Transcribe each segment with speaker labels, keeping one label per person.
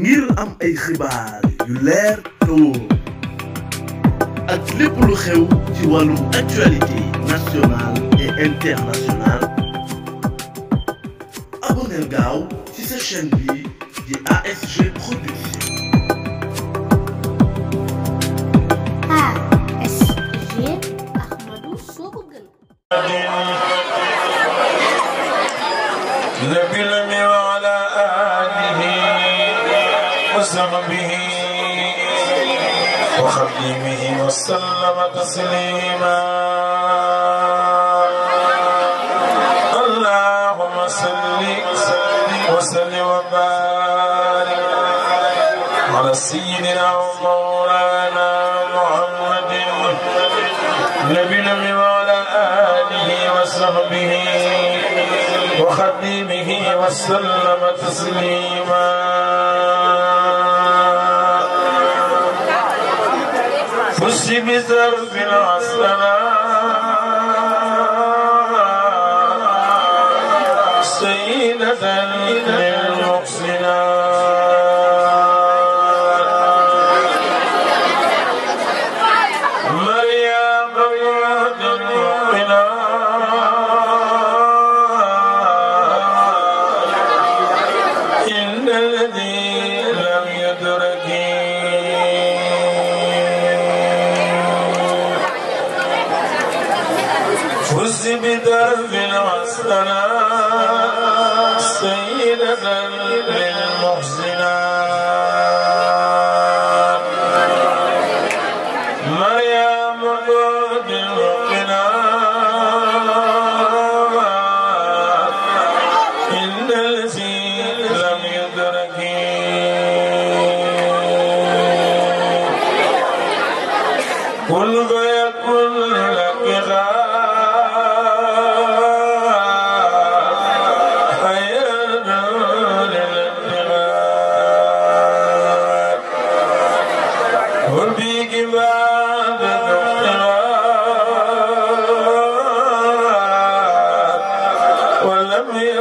Speaker 1: ngir am ay xibaar yu leer te wóor ak lépp lu xew ci wàllum actualité nationale et internationale aboneel gaaw ci sa chaîne bi di ASG Production ASG Ahmadou Sokogën وصحبه وخديمه وسلم تسليما اللهم صل وسلم وبارك على سيدنا ومولانا محمد نبينا وعلى اله وصحبه وخديمه وسلم تسليما خش بزرف العسلة سيدة للمحسنات الذي لم يدرك العز بدرب الحسنات سيدنا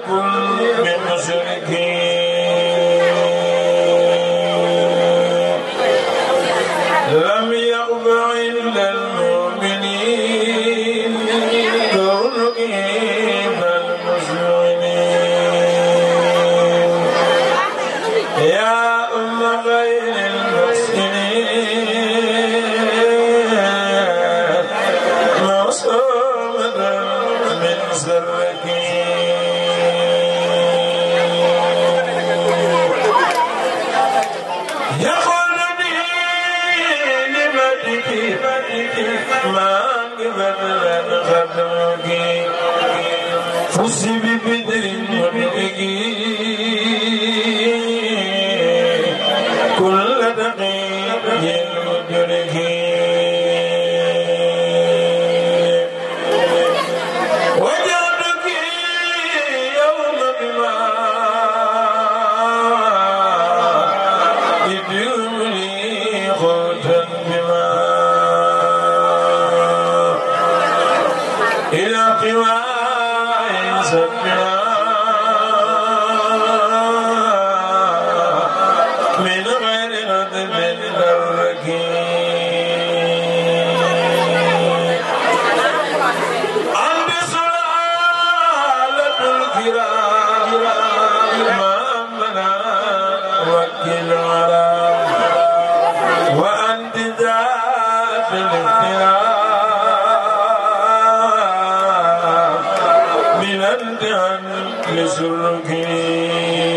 Speaker 1: Brown. Yeah, yeah, yeah. إمامنا وكل على وأنت ذات الاختلاف من أنت عن لسلكي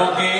Speaker 1: Okay.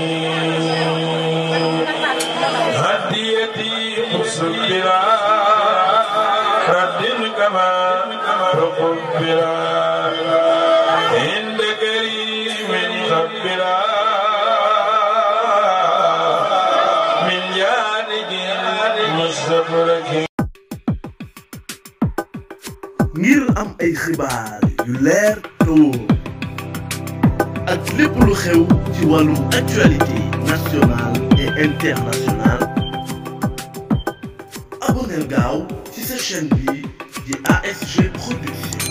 Speaker 1: تلك ما تقبلا عند كريم قبلا من جانب مستبرك ngir am ay xibaar yu leer te wóor ak lépp lu xew ci wàllum actualité nationale et internationale aboneel gaaw section B des ASG Productions.